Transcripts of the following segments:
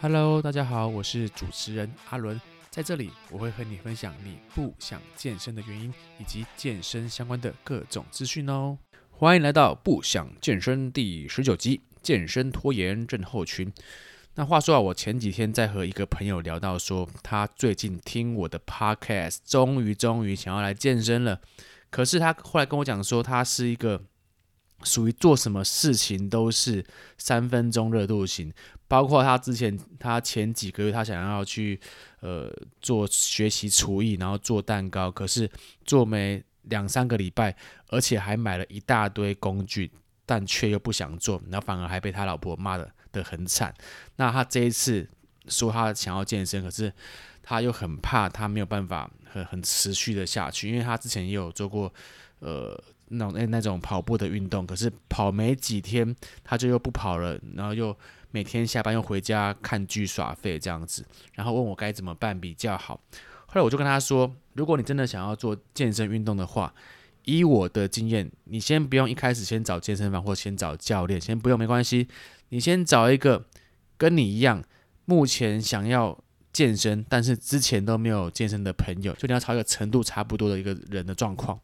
Hello，大家好，我是主持人阿倫，在這裡我會和你分享你不想健身的原因，以及健身相關的各種資訊哦。歡迎來到不想健身第十九集：健身拖延症候群。那話說啊，我前幾天在和一個朋友聊到說，說他最近聽我的 Podcast，終於終於想要來健身了。可是他後來跟我講說，他是一個。屬於做什麼事情都是三分鐘熱度型，包括他之前，他前幾個月他想要去呃做學習廚藝，然後做蛋糕，可是做沒兩三個禮拜，而且還買了一大堆工具，但卻又不想做，然後反而還被他老婆罵的的很慘。那他這一次說他想要健身，可是他又很怕他沒有辦法很很持續的下去，因為他之前也有做過呃。那種那那種跑步的運動，可是跑沒幾天他就又不跑了，然後又每天下班又回家看劇耍廢這樣子，然後問我該怎麼辦比較好。後來我就跟他說，如果你真的想要做健身運動的話，以我的經驗，你先不用一開始先找健身房或先找教練，先不用沒關係，你先找一個跟你一樣目前想要。健身，但是之前都沒有健身的朋友，就你要找一個程度差不多的一個人的狀況。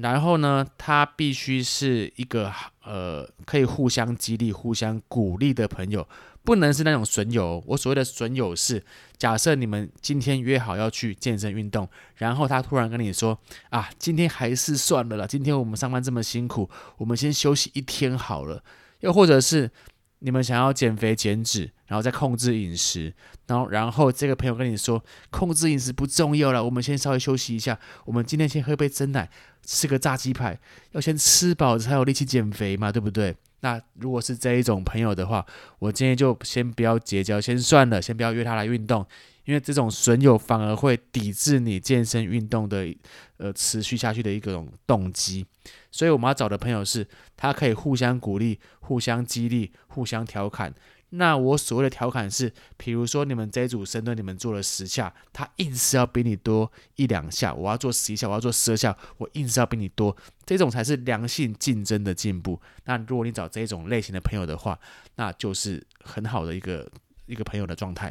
然後呢，他必須是一個呃可以互相激勵、互相鼓勵的朋友，不能是那種損友。我所謂的損友是，假設你們今天約好要去健身運動，然後他突然跟你說，啊，今天還是算了啦，今天我們上班這麼辛苦，我們先休息一天好了。又或者是你們想要減肥減脂。然後再控制飲食，然後然後這個朋友跟你說控制飲食不重要了，我們先稍微休息一下，我們今天先喝杯珍奶，吃個炸雞排，要先吃飽才有力氣減肥嘛，對不對？那如果是這一種朋友的話，我建議就先不要結交，先算了，先不要約他來運動，因為這種損友反而會抵制你健身運動的呃持續下去的一個種動機，所以我們要找的朋友是他可以互相鼓勵、互相激勵、互相調侃。那我所謂的調侃是，比如說你們這一組深蹲，你們做了十下，他硬是要比你多一兩下。我要做十一下，我要做十二下，我硬是要比你多，這種才是良性競爭的進步。那如果你找這種類型的朋友的話，那就是很好的一個一個朋友的狀態。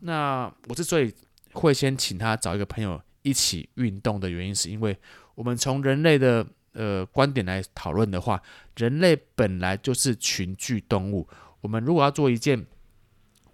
那我之所以會先請他找一個朋友一起運動的原因，是因為我們從人類的呃觀點來討論的話，人類本來就是群居動物。我們如果要做一件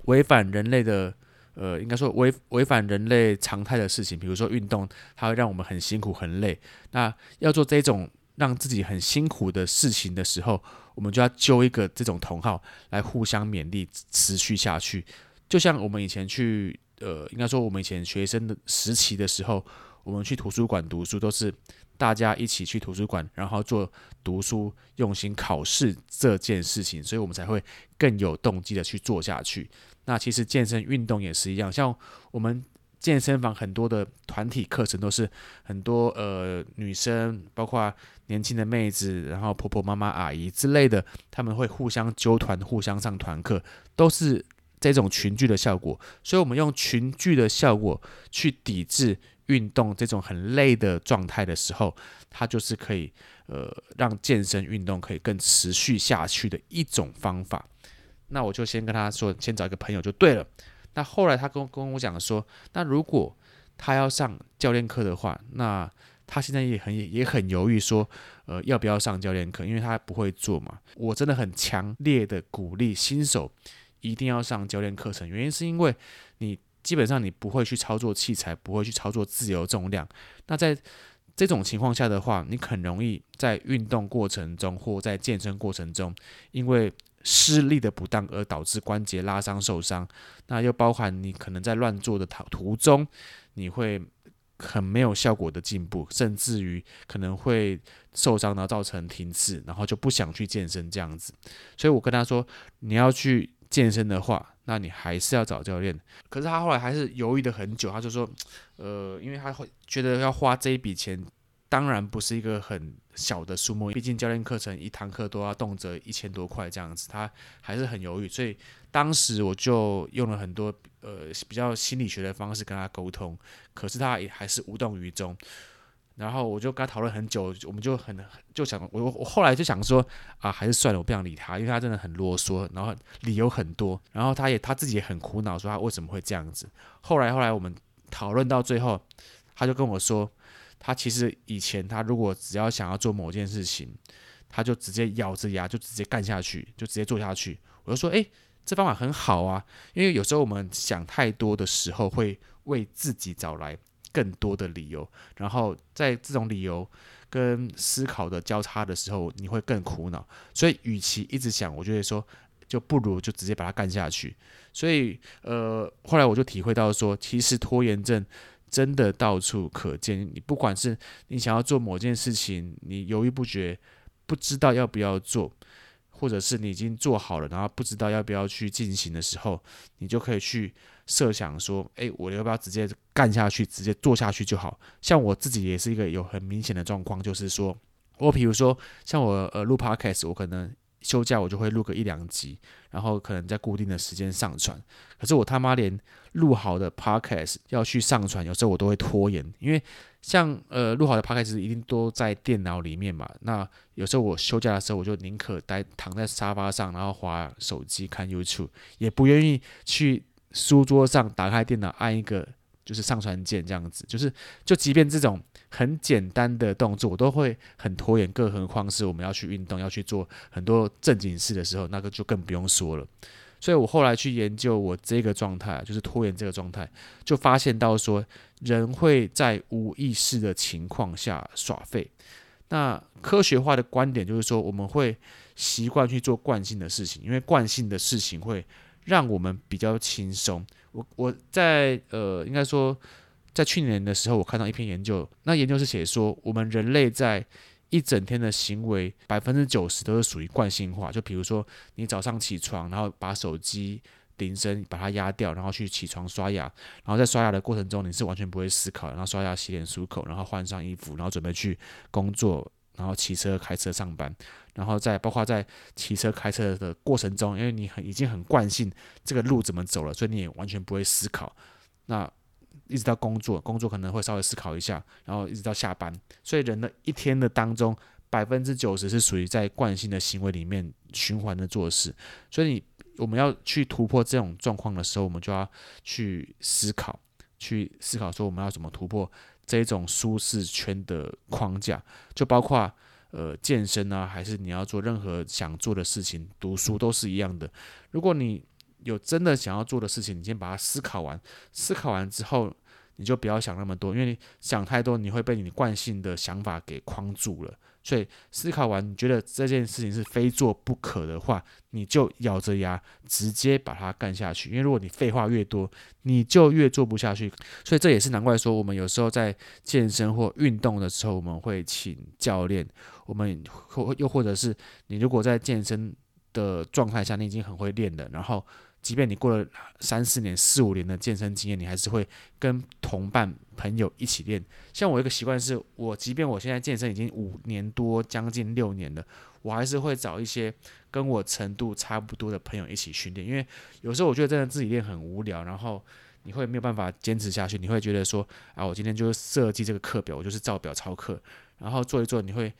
違反人類的，呃，應該說違違反人類常態的事情，比如說運動，它會讓我們很辛苦、很累。那要做這種讓自己很辛苦的事情的時候，我們就要揪一個這種同好來互相勉勵，持續下去。就像我們以前去，呃，應該說我們以前學生的時期的時候，我們去圖書館讀書都是。大家一起去圖書館，然後做讀書、用心考試這件事情，所以我們才會更有動機的去做下去。那其實健身運動也是一樣，像我們健身房很多的團體課程，都是很多呃女生，包括年輕的妹子，然後婆婆、媽媽，媽、阿姨之類的，他們會互相揪團，互相上團課，都是這種群聚的效果。所以，我們用群聚的效果去抵制，運動這種很累的狀態的時候，他就是可以呃讓健身運動可以更持續下去的一種方法。那我就先跟他說，先找一個朋友就對了。那後來他跟跟我講說，那如果他要上教練課的話，那他現在也很也很猶豫說，說呃要不要上教練課，因為他不會做嘛。我真的很強烈的鼓勵新手一定要上教練課程，原因是因為你。基本上你不會去操作器材，不會去操作自由重量。那在這種情況下的話，你很容易在運動過程中或在健身過程中，因為施力的不當而導致關節拉傷受傷。那又包含你可能在亂做的途中，你會很沒有效果的進步，甚至於可能會受傷然後造成停滯，然後就不想去健身這樣子。所以我跟他說，你要去。健身的話，那你還是要找教練。可是他後來還是猶豫了很久，他就說：“呃，因為他會覺得要花這一筆錢，當然不是一個很小的數目。畢竟教練課程一堂課都要動輒一千多塊這樣子，他還是很猶豫。”所以當時我就用了很多呃比較心理學的方式跟他溝通，可是他也還是無動於衷。然後我就跟他討論很久，我們就很就想，我我後來就想說啊，還是算了，我不想理他，因為他真的很囉嗦，然後理由很多，然後他也他自己也很苦惱，說他為什麼會這樣子。後來後來我們討論到最後，他就跟我說，他其實以前他如果只要想要做某件事情，他就直接咬着牙就直接幹下去，就直接做下去。我就說，哎，這方法很好啊，因為有時候我們想太多的時候，會為自己找來更多的理由，然後在這種理由跟思考的交叉的時候，你會更苦惱。所以，與其一直想，我覺得說，就不如就直接把它幹下去。所以，呃，後來我就體會到說，其實拖延症真的到處可見。你不管是你想要做某件事情，你猶豫不決，不知道要不要做。或者是你已經做好了，然後不知道要不要去進行的時候，你就可以去設想說，誒，我要不要直接幹下去，直接做下去就好。像我自己也是一個有很明顯的狀況，就是說我比如說像我呃錄 podcast，我可能休假我就會錄個一兩集，然後可能在固定的時間上傳。可是我他媽連錄好的 podcast 要去上傳，有時候我都會拖延，因為。像呃錄好的 Podcast 一定都在電腦裡面嘛。那有時候我休假的時候，我就寧可待躺在沙發上，然後滑手機看 YouTube，也不願意去書桌上打開電腦按一個就是上傳鍵這樣子。就是就即便這種很簡單的動作，我都會很拖延，更何況是我們要去運動、要去做很多正經事的時候，那個就更不用說了。所以我後來去研究我這個狀態，就是拖延這個狀態，就發現到說，人會在無意識的情況下耍廢。那科學化的觀點就是說，我們會習慣去做慣性的事情，因為慣性的事情會讓我們比較輕鬆。我我在呃，應該說，在去年的時候，我看到一篇研究，那研究是寫說，我們人類在一整天的行為百分之九十，都是屬於慣性化，就比如說，你早上起床，然後把手機鈴聲把它壓掉，然後去起床刷牙，然後在刷牙的過程中你是完全不會思考，然後刷牙洗臉漱口，然後換上衣服，然後準備去工作，然後騎車開車上班，然後在包括在騎車開車的過程中，因為你很已經很慣性這個路怎麼走了，所以你也完全不會思考，那。一直到工作，工作可能會稍微思考一下，然後一直到下班。所以人的一天的當中90，百分之九十是屬於在慣性的行為裡面循環的做事。所以你我們要去突破這種狀況的時候，我們就要去思考，去思考說我們要怎麼突破這種舒適圈的框架。就包括呃健身啊，還是你要做任何想做的事情，讀書都是一樣的。如果你有真的想要做的事情，你先把它思考完。思考完之後，你就不要想那麼多，因為你想太多，你會被你慣性的想法給框住了。所以思考完，你覺得這件事情是非做不可的話，你就咬着牙直接把它幹下去。因為如果你廢話越多，你就越做不下去。所以這也是難怪說，我們有時候在健身或運動的時候，我們會請教練。我們或又或者是你，如果在健身的狀態下，你已經很會練的，然後。即便你過了三四年、四五年的健身經驗，你還是會跟同伴、朋友一起練。像我一個習慣是，我即便我現在健身已經五年多，將近六年了，我還是會找一些跟我程度差不多的朋友一起訓練。因為有時候我覺得真的自己練很無聊，然後你會沒有辦法堅持下去，你會覺得說，啊，我今天就是設計這個課表，我就是照表操課，然後做一做，你會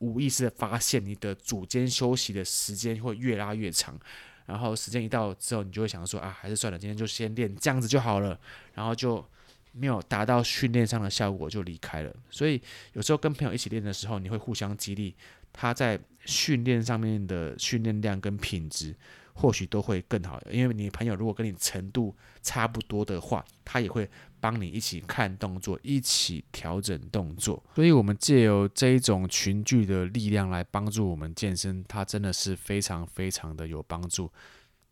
無意識的發現你的組間休息的時間會越拉越長。然後時間一到之後，你就會想說，啊，還是算了，今天就先練這樣子就好了，然後就沒有達到訓練上的效果就離開了。所以有時候跟朋友一起練的時候，你會互相激勵，他在訓練上面的訓練量跟品質，或許都會更好，因為你朋友如果跟你程度差不多的話，他也會幫你一起看動作，一起調整動作。所以，我們借由這一種群聚的力量來幫助我們健身，它真的是非常非常的有幫助。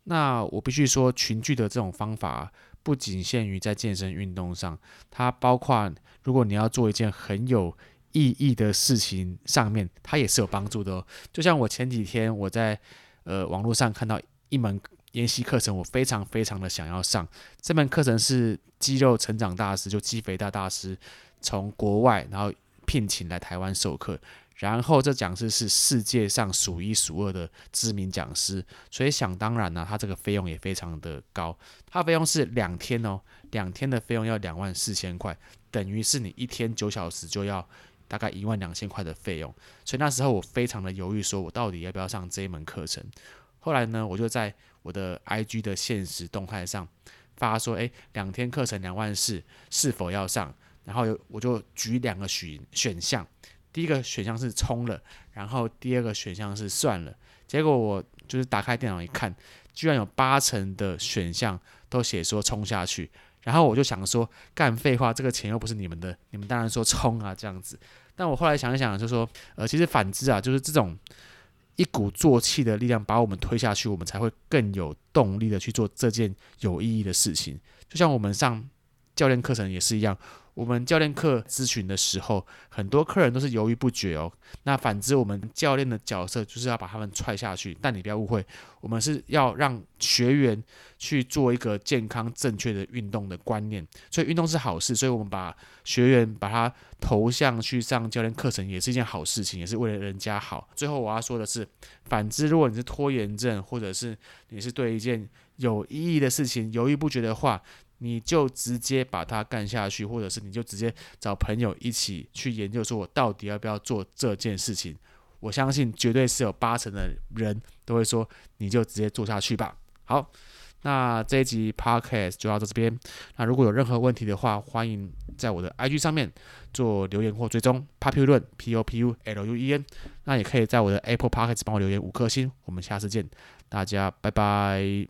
那我必須說，群聚的這種方法不僅限於在健身運動上，它包括如果你要做一件很有意義的事情上面，它也是有幫助的哦。就像我前幾天我在呃網絡上看到一門研習課程，我非常非常的想要上。這門課程是肌肉成長大師，就肌肥大大師，從國外然後聘請來台灣授課。然後這講師是世界上數一數二的知名講師，所以想當然呢、啊，他這個費用也非常的高。他費用是兩天哦，兩天的費用要兩萬四千塊，等於是你一天九小時就要大概一萬兩千塊的費用。所以那時候我非常的猶豫，說我到底要不要上這一門課程。後來呢，我就在我的 IG 的限時動態上發說：“誒，兩天課程兩萬四，是否要上？”然後有我就舉兩個選選項，第一個選項是衝了，然後第二個選項是算了。結果我就是打開電腦一看，居然有八成的選項都寫說衝下去。然後我就想說，幹廢話，這個錢又不是你們的，你們當然說衝啊這樣子。但我後來想一想，就說，呃，其實反之啊，就是這種。一鼓作氣的力量，把我們推下去，我們才會更有動力的去做這件有意義的事情。就像我們上教練課程也是一樣。我們教練課諮詢的時候，很多客人都是猶豫不決哦。那反之，我們教練的角色就是要把他們踹下去。但你不要誤會，我們是要讓學員去做一個健康正確的運動的觀念。所以運動是好事，所以我們把學員把他投向去上教練課程也是一件好事情，也是為了人家好。最後我要說的是，反之，如果你是拖延症，或者是你是對一件有意義的事情猶豫不決的話，你就直接把它幹下去，或者是你就直接找朋友一起去研究，說我到底要不要做這件事情？我相信絕對是有八成的人都會說，你就直接做下去吧。好，那這一集 podcast 就到這邊。那如果有任何問題的話，歡迎在我的 IG 上面做留言或追蹤 populuen。那也可以在我的 Apple Podcast 幫我留言五顆星。我們下次見，大家拜拜。